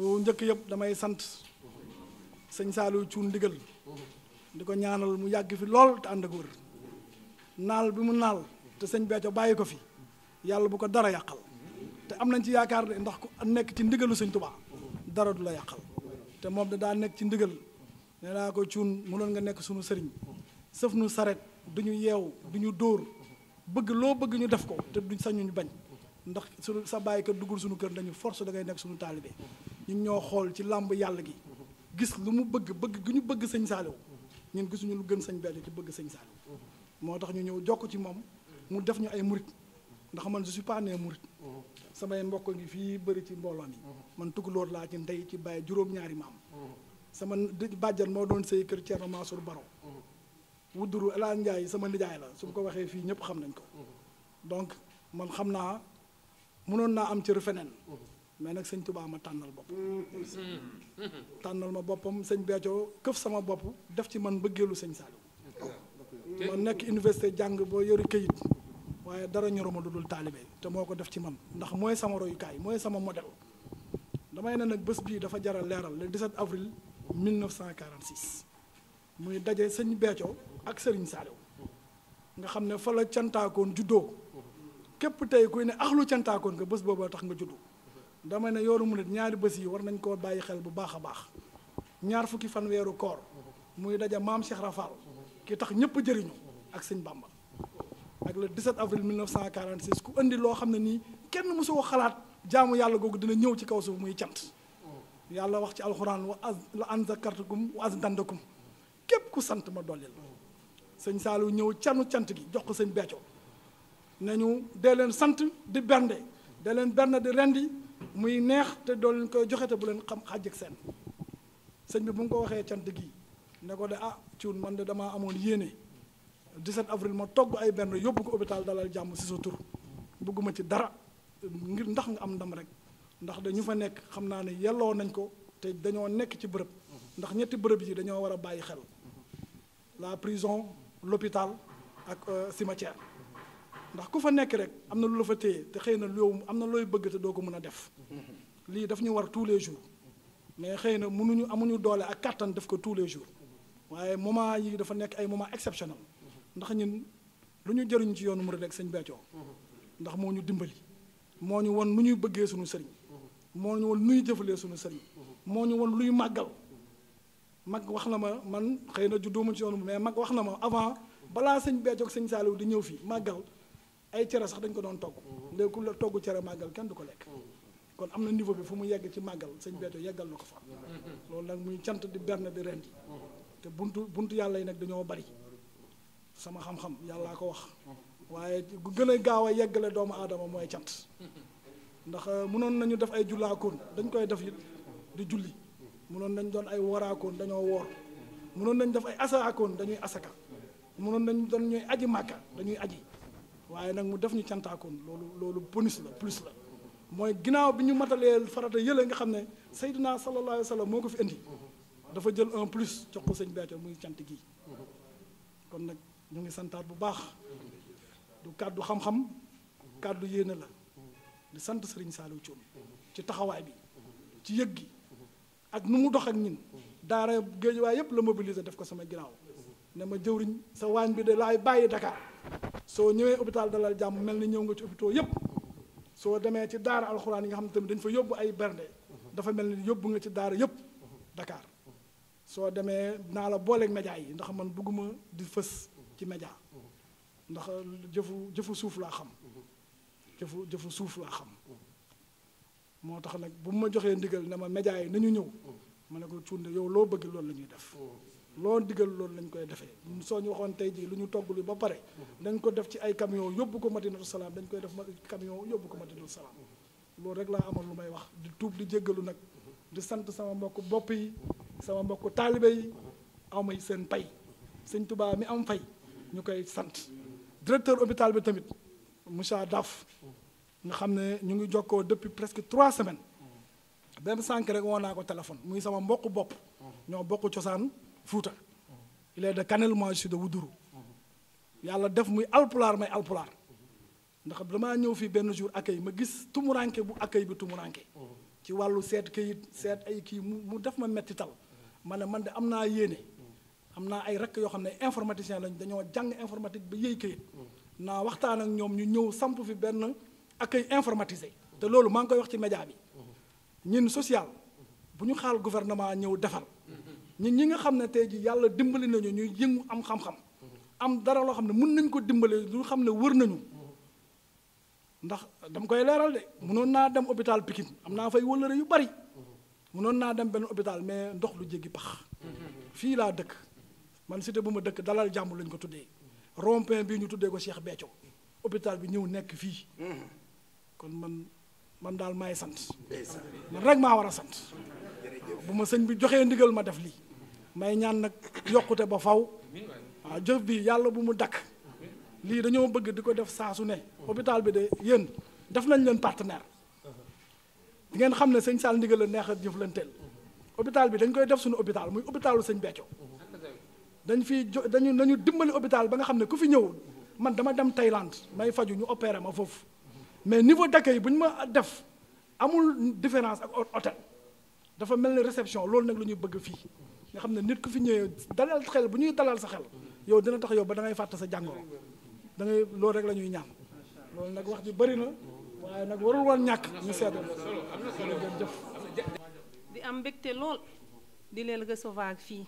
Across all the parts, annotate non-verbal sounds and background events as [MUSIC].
njëkk yëpp damay sant sëñ Saliou Thioune ndigal di ko ñaanal mu yàgg fi lool te ànd ak wër naal bi mu naal te sëñ Béthio bàyyi ko fi yàlla bu ko dara yàqal te am nañ ci yaakaar de ndax ku nekk ci ndigalu sëñ Touba dara du la yàqal te moom da daa nekk ci ndigal nee naa ko Thioune mënoon nga nekk suñu sëriñ sëf nu saret du ñu yeew du ñu dóor bëgg loo bëgg ñu def ko te duñ sañu ñu bañ ndax suñu sa bàyyi kër duggul suñu kër dañu force da ngay nekk suñu taalibe ñun ñoo xool ci làmb yàlla gi gis lu mu bëgg bëgg gu ñu bëgg sëñ Saaliw ñun gisuñu lu gën sëñ Bello ci bëgg sëñ Saaliw moo tax ñu ñëw jokk ci moom mu def ñu ay murit ndax man je suis pas né murit yi mbokk ngi fii bëri ci mbooloo mi man tukulóor laa ci ndey ci bàyyi juróom-ñaari maam sama bàjjan moo doon sëy kër Thierno Mansour Baro wudduru El Hadj Ndiaye sama nijaay la su ma ko waxee fii ñëpp xam nañ ko mënoon naa am cër feneen mais nag sëñ Tuubaa ma tànnal bopp tànnal ma boppam sëñ Béthio këf sama bopp def ci man bëggeelu sëñ Saliou ma nekk université jàng boo yori kayit waaye dara ñoruma lu dul taalibe te moo ko def ci man ndax mooy sama royukaay mooy sama modèle damay ne nag bés bii dafa jaral leeral le 17 avril 1946 muy daje sëñ Béthio ak sëriñ Saliou nga xam ne fa la cantaakoon juddoo képp tey kuy ne axlu cantaakoon nga bés boobu tax nga juddu dama ne yoonu mu ñaari bés yi war nañ koo bàyyi xel bu baax a baax ñaar fukki fan weeru koor muy daja maam Cheikh Rafal ki tax ñëpp jëriñu ak sëñ Bamba ak le 17 avril 1946 ku indi loo xam ne nii kenn mosu ko xalaat jaamu yàlla googu dina ñëw ci kaw suuf muy cant yàlla wax ci alxuraan wa az la an zakartukum wa azdandakum képp ku sant ma dollil sëñ Saalu ñëw canu cant gi jox ko sañ Béthio nañu dee leen sant di bernde dee leen bernde di rendi muy neex te doo leen koy joxe te bu leen xam xàjj ak seen sëñ bi bu nga ko waxee cant gi ne ko de ah Thioune man de damaa amoon yéene 17 avril ma togg ay bernde yóbbu ko dalal jàmm si sa tur bëgguma ci dara ngir ndax nga am ndam rek ndax dañu fa nekk xam naa ne yelloo nañ ko te dañoo nekk ci bërëb ndax ñetti bërëb yi dañoo war a bàyyi xel la prison l'hôpital ak euh, cimetière ndax ku fa nekk rek am na lu la fa téye te xëy na loolu am na looy bëgg te doo ko mën a def [LAUGHS] lii daf ñu war tous les jours mais xëy na mënuñu amuñu doole ak kàttan def ko tous les jours waaye moment yi dafa nekk ay moment exceptionnel ndax ñun lu ñu jëriñ ci yoonu murid rek sëñ Béthio ndax moo ñu dimbali moo ñu won nu ñuy bëggee suñu sëriñ moo ñu won nuy jëfalee suñu sëriñ moo ñu won luy màggal mag wax na ma man xëy na juddooma ci yoonu mais mag wax na ma avant balaa sëñ Béthio sëñ Saliou di ñëw fii màggal ay cere sax dañ ko doon togg léegi ku la togg cere màggal kenn du ko lekk kon am na niveau bi fu mu yegg ci màggal sëñ Béthio yeggal na ko fa loolu nag muy cant di berne di rendi te buntu buntu yàlla yi nag dañoo bari sama xam-xam yàllaa ko wax waaye gu gën a gaaw a yeggale doomu aadama mooy cant ndax euh, mënoon nañu def ay jullaakoon dañ koy def it di julli mënoon nañ doon ay woraakoon dañoo woor mënoon nañ def ay asaakoon dañuy asaka mënoon nañu doon ñuy aji màkka dañuy aji waaye nag mu def ñu cantaakoon loolu loolu bonus la plus la mooy ginnaaw bi ñu matalee farata yële nga xam ne Seydina sallallahu alayhi wa sallam moo ko fi indi dafa jël en plus jox ko sëñ Béthio muy cant gi kon nag ñu ngi santaat bu baax du kàddu xam-xam kàddu yéene la di sant Serigne Saliou Thioune ci taxawaay bi ci yëg gi ak nu mu dox ak ñun daara géej waaye yëpp la mobiliser def ko sama ginnaaw ne ma jëwriñ sa waañ bi de laay bàyyi Dakar soo ñëwee hôpital dalal jàmm mel ni ñëw nga ci hôpitaux yépp soo demee ci daara alxuraan yi nga xam ne tamit dañ fa yóbbu ay bernde dafa mel ni yóbbu nga ci daara yépp Dakar soo demee naa la booleek média yi ndax man bëgguma di fës ci média ndax jëfu jëfu suuf laa xam jëfu jëfu suuf laa xam moo tax nag bu ma joxee ndigal ne ma média yi nañu ñëw ma ne ko cuunde yow loo bëgg loolu la ñuy def loo digal loolu lañ koy defee soo ñu waxoon tey jii lu ñu togg lu ba pare dañ ko def ci ay camion yóbbu ko Madinatu Salaam dañ koy def camion yóbbu ko Madinatu Salaam loolu rek laa amoon lu may wax di tuub di jéggalu nag di sant sama mbokk bopp yi sama mbokk taalibe yi seen pay sëñ Tuubaa mi am fay ñu koy sant directeur hôpital bi tamit Moussa Daf nga xam ne ñu ngi jokkoo depuis presque trois semaines benn sànq rek woo naa ko téléphone muy sama mbokk bopp ñoo bokk cosaan Fuuta il de Kanel moi je suis de Wuduru yàlla def muy alpulaar may alpulaar ndax damaa ñëw fii benn jour accueil ma gis tumuranke bu accueil bi tumuranke ci wàllu seet kayit seet ay kii mu mu def ma metti tal man de am naa yéene am naa ay rakk yoo xam ne informaticien lañ dañoo jàng informatique ba yëy kayit naa waxtaan ak ñoom ñu ñëw samp fi benn accueil informatisé te loolu maa ngi koy wax ci média bi ñun social bu ñu xaal gouvernement ñëw defal ñun ñi nga xam ne tey ji yàlla dimbali nañu ñuy yëngu am xam-xam am dara loo xam ne mën nañ ko dimbali lu xam ne wër nañu ndax dam koy leeral de mënoon naa dem hôpital Pikine am naa fay wëllëre yu bari mënoon naa dem benn hôpital mais ndox lu jéggi pax fii laa dëkk man cité bu ma dëkk dalal jàmbu lañ ko tuddee rond-point bii ñu tuddee ko Cheikh Béthio hôpital bi ñëw nekk fii kon man man daal maay sant man rek maa war a sant bu ma sëñ bi joxee ndigal ma def lii may ñaan nag yokkute ba faw waaw ah, jëf bi yàlla bu mu dakk lii dañoo bëgg di ko def saa su ne hôpital bi de yéen def nañ leen partenaire di ngeen xam ne sëñ Sall ndigal la neex a jëflanteel hôpital bi dañ koy def suñu hôpital muy hôpitalu sëñ Béthio dañ fi jo dañu nañu dimbali hôpital ba nga xam ne ku fi ñëw man dama dem Thaïlande may faju ñu opéré ma foofu mais niveau d'accueil bu ñu ma def amul différence ak hôtel dafa mel ni réception loolu nag la ñuy bëgg fii nga xam ne nit ku fi ñëwee dalal xel bu ñuy dalal sa xel yow dina tax yow ba dangay ngay fàtte sa jàngoro da ngay loolu rek la ñuy ñaan loolu nag wax ji bëri na waaye nag warul woon ñàkk ñu seetal jëf am mbégte lool di leen recevoir fii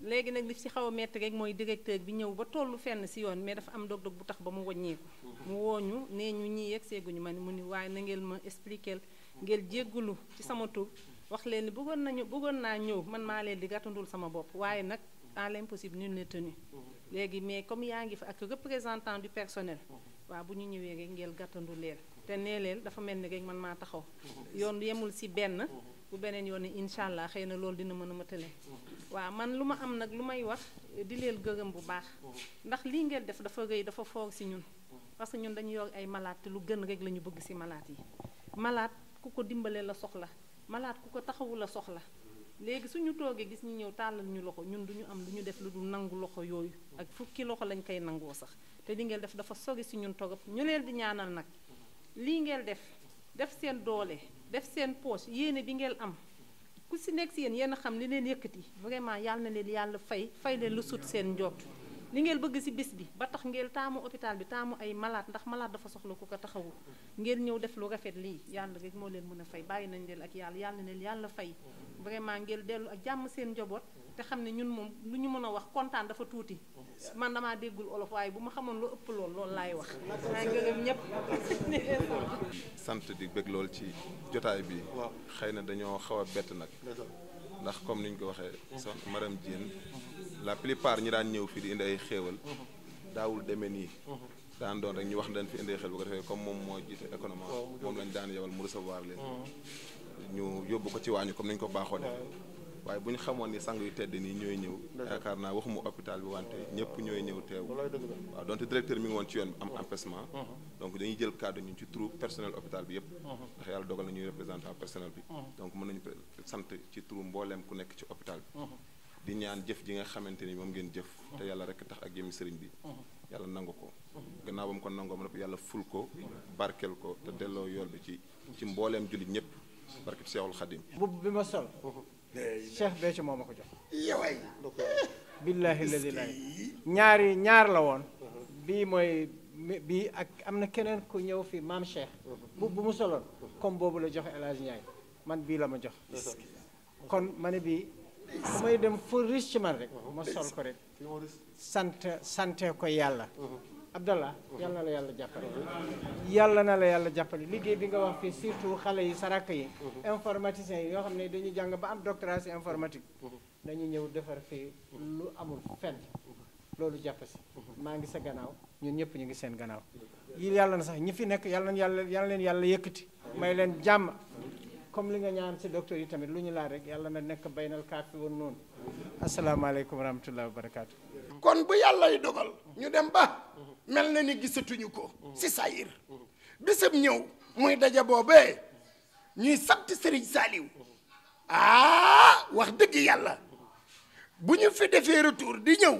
léegi nag li ci xaw a metti rek mooy directeur bi ñëw ba tollu fenn si yoon mais dafa am dog-dog bu tax ba mu wàññeeku mu wooñu nee ñu ñii yegg seeguñu ma ni mu ni waaye na ngeen ma expliquer ngeen jéggulu ci sama tur wax leen ni bëggoon nañu bëggoon naa ñëw man maa leen di gàttandul sama bopp waaye nag à l'impossible nul n'est tenu léegi mais comme yaa ngi fa ak représentant du personnel waaw bu ñu ñëwee rek ngeen gàttandu leel te nee leen dafa mel ni rek man maa taxaw yoon yemul si benn bu beneen yoon ni incha allah xëy na loolu dina mën ma matale waaw man lu ma am nag lu may wax di leen gërëm bu baax ndax lii ngeen def dafa rëy dafa foor si ñun parce que ñun dañu yor ay malaat te lu gën rek la ñu bëgg si malade yi malade ku dimbalee la soxla malaat ku ko taxawu la soxla léegi suñu toogee gis ñu ñëw tàllal ñu loxo ñun du ñu am lu ñu def lu dul nangu loxo yooyu ak fukki loxo lañ koy nangoo sax te li ngeen def dafa sori si ñun togop ñu leen di ñaanal nag lii ngeen def def seen doole def seen poche yéene bi ngeen am ku si nekk si yéen yéen a xam li leen yëkkati vraiment yàlla na leen yàlla fay fay leen lu sut seen njott li ngeen bëgg ci bis bi ba tax ngeen taamu hôpital bi taamu ay malade ndax malade dafa soxla ko ko taxawu ngeen ñëw def lu rafet lii yàlla rek moo leen mën a fay bàyyi nañ leen ak yàlla yàlla leen yàlla fay vraiment ngeen dellu ak jàmm seen njaboot te xam ne ñun moom lu ñu mën a wax kontaan dafa tuuti man damaa déggul olof waaye bu ma xamoon loo ëpp lool loolu laay wax maa ngi gërëm ñëpp [LAUGHS] sant di bëgg lool ci jotaay bi xëy na dañoo xaw a bett nag ndax comme ni ñu ko waxee soxna Maram Diène mm-hmm. la plupart ñi daan ñëw fii di indi ay xéewal daawul demee nii mhm. daan doon rek ñu wax dañ fi indi xel bu ko defee comme moom moo jiite économie moom lañ daan yebal mu recevoir leen mhm. ñu yóbbu ko ci waañu comme nañ ko baaxoo defee waaye bu ñu xamoon ni sang yu tedd nii ñooy ñëw yaakaar naa waxuma hôpital bi wante ñëpp ñooy ñëw teew waaw donte directeur mi ngi woon ci yoon am mhm. empêchement donc dañuy jël cadre ñun ci turu personnel hôpital bi yëpp ndax yàlla dogal na ñuy représentant personnel bi donc mën nañu sant ci turu mbooleem ku nekk ci hôpital bi di ñaan jëf ji nga xamante ni moom ngeen jëf te yàlla rek tax ak yëmi sëriñ bi yàlla nangu ko gannaaw ba mu ko nangoo ma yàlla ful ko barkeel ko te delloo yool bi ci ci mbooleem jullit ñëpp barke Seexul Xadim mbubb bi ma sol Cheikh Béthio moo ma ko jox yoway billaahi lazi la ñaari ñaar la woon bii mooy bii ak am na keneen ku ñëw fi maam Cheikh bu bu mu soloon comme boobu la joxe El Hadj man bii la ma jox kon ma ne bii damay dem fu riche ci man rek ma sol ko rek sant sante ko yàlla uh-huh. Abdallah uh-huh. yàlla na la yàlla jàppale yàlla na la yàlla jàppale liggéey bi nga wax fii surtout xale yi sa sarak yi uh-huh. informaticiens yi yoo xam ne dañuy jàng ba am doctorat ci informatique dañu ñëw defar fii lu amul fenn loolu jàpp si maa ngi sa gannaaw ñun ñëpp ñu ngi seen gannaaw yi yàlla na sax ñi fi nekk yàlla na yàlla yàlla leen may leen jàmm comme li nga ñaan si docteur yi tamit lu ñu laaj rek yàlla na nekk baynal kaafi woon noonu asalaamaaleykum wa rahmatullahi wa kon bu yàllay dogal ñu dem ba mel na ni gisatuñu ko si sayir bisam ñëw muy daja boobee ñuy sant Serigne Saliou ah wax dëgg yàlla bu ñu fi defee retour di ñëw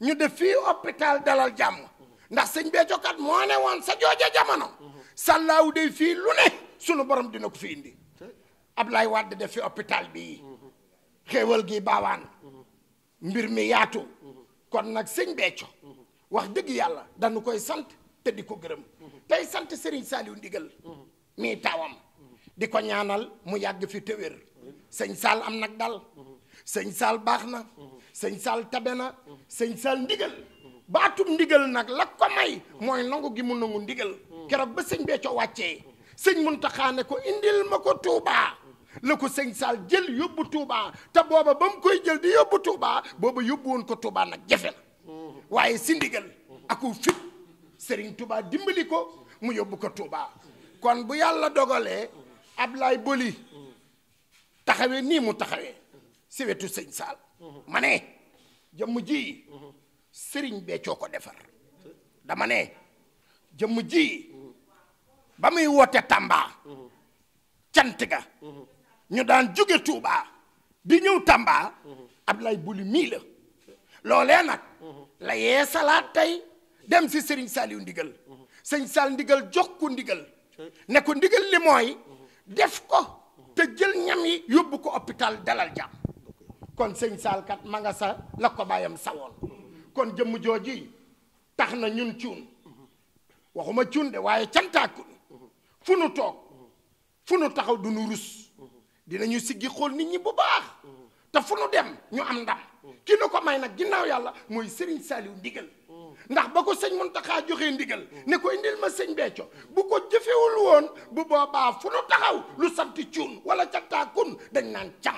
ñu def fii hôpital dalal jàmm ndax sëñ bee jokkat moo ne woon sa jooja jamono sàllaaw day fii lu ne sunu borom dina ko fi indi Ablaye Wade def fi hôpital bi xéewal gi baawaan mbir mi yaatu kon nag sëñ Béthio wax dëgg yàlla dañu koy sant te di ko gërëm tey sant Serigne Saliou Ndigal mii taawam di ko ñaanal mu yàgg fi te sëñ Sall am nag dal sëñ Sall baax na sëñ Sall tabe na sëñ Sall ndigal baatum ndigal nag la ko may mooy nangu gi mu nangu ndigal keroog ba sëñ Béthio wàcce sëñ Muntaxa ne ko indil ma ko Tuubaa la ko sëñ Saal jël yóbbu Touba te booba ba mu koy jël di yóbbu Touba booba yóbbu woon ko Touba nag jafe na waaye si ndigal aku fit Serigne Touba dimbali ko mu yóbbu ko Touba kon bu yàlla dogalee Ablaye Boli taxawee nii mu taxawee si wetu sëñ Saal ma ne jëmm ji Serigne coo ko defar dama ne jëmm ji ba muy woote Tamba cant ga ñu daan jóge Touba di ñëw Tamba Abdoulaye Bouly mii la loolee nag la salaat tey dem si Serigne Saliou ndigal sëñ Sall ndigal jox ko ndigal ne ko ndigal li mooy def ko te jël ñam yi yóbbu ko hôpital dalal jàmm kon sëñ Sall kat ma sa la ko baayam sawoon kon jëmm jooji tax na ñun cuun waxuma cuun de waaye cantaakun fu nu toog fu nu taxaw du nu rus dinañu siggi xool nit ñi bu baax te fu nu dem ñu am ndam ki nu ko may nag ginnaaw yàlla mooy Serigne Saliou ndigal ndax ba ko sëñ Mountakha joxee ndigal ne ko indil ma sëñ Béthio bu ko jëfewul woon bu boobaa fu nu lu sant cuun wala cattaakun dañ naan cam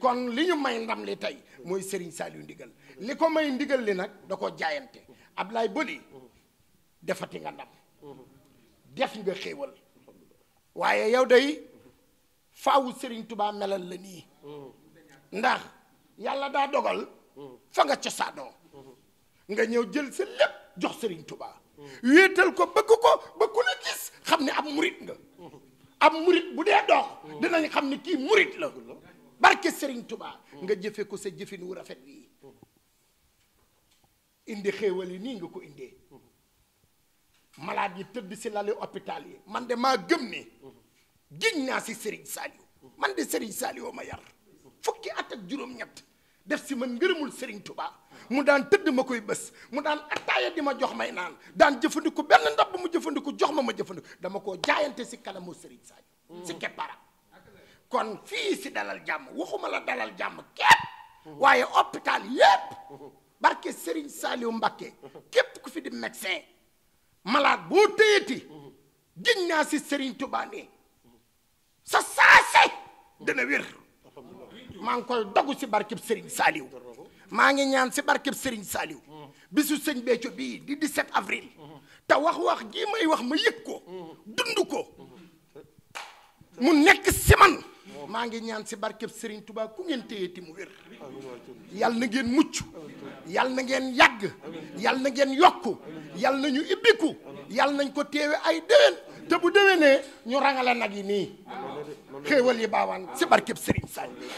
kon li ñu may ndam li tey mooy Serigne Saliou ndigal li ko may ndigal li nag da ko jaayante Ablaye Boli defati nga ndam def nga xéewal waaye yow day faawu Serigne Touba melal la nii ndax yàlla daa dogal fa nga cosaanoo nga ñëw jël sa lépp jox Serigne Touba wéetal ko bëgg ko ba ku la gis xam ne ab murit nga ab murit bu dee dox dinañ xam ni kii murit la barke Serigne tubaa nga jëfe ko sa jëfin wu rafet wii indi xéewal yi nii nga ko indee malade yi tëdd si lali hôpital yi man de maa gëm ni giñ naa si Serigne Saliou man de Serigne Saliou ma yar fukki at ak juróom-ñett def si man ngërëmul Serigne Touba mu daan tëdd ma koy bés mu daan attaaya di ma jox may naan daan jëfandiku benn ndab mu jëfandiku jox ma ma jëfandiku dama koo jaayante si kanamu Serigne Saliou si keppara kon fii si dalal jàmm waxuma la dalal jàmm képp waaye hôpital yépp barke Serigne Saliou Mbacké képp ku fi di médecin malaat boo téyeti giñ naa si Serigne Touba ne sa saase dana wér maa ngi koy dogu si barkeb Serigne Saliou maa ngi ñaan si barkeb Serigne Saliou bisu sëñ Béthio bii di set avril te wax-wax gii may wax ma yëg ko dund ko mu nekk si man maa ngi ñaan si barkeb Serigne Touba ku ngeen téyeeti mu wér yal na ngeen mucc yal na ngeen yàgg yal na ngeen yokk yal na ñu ibbiku yal nañ ko teewe ay déwén te bu déwénee ñu rangale nag yi nii xéewal yi baawaan si barkeb Serigne Saliou